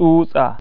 usa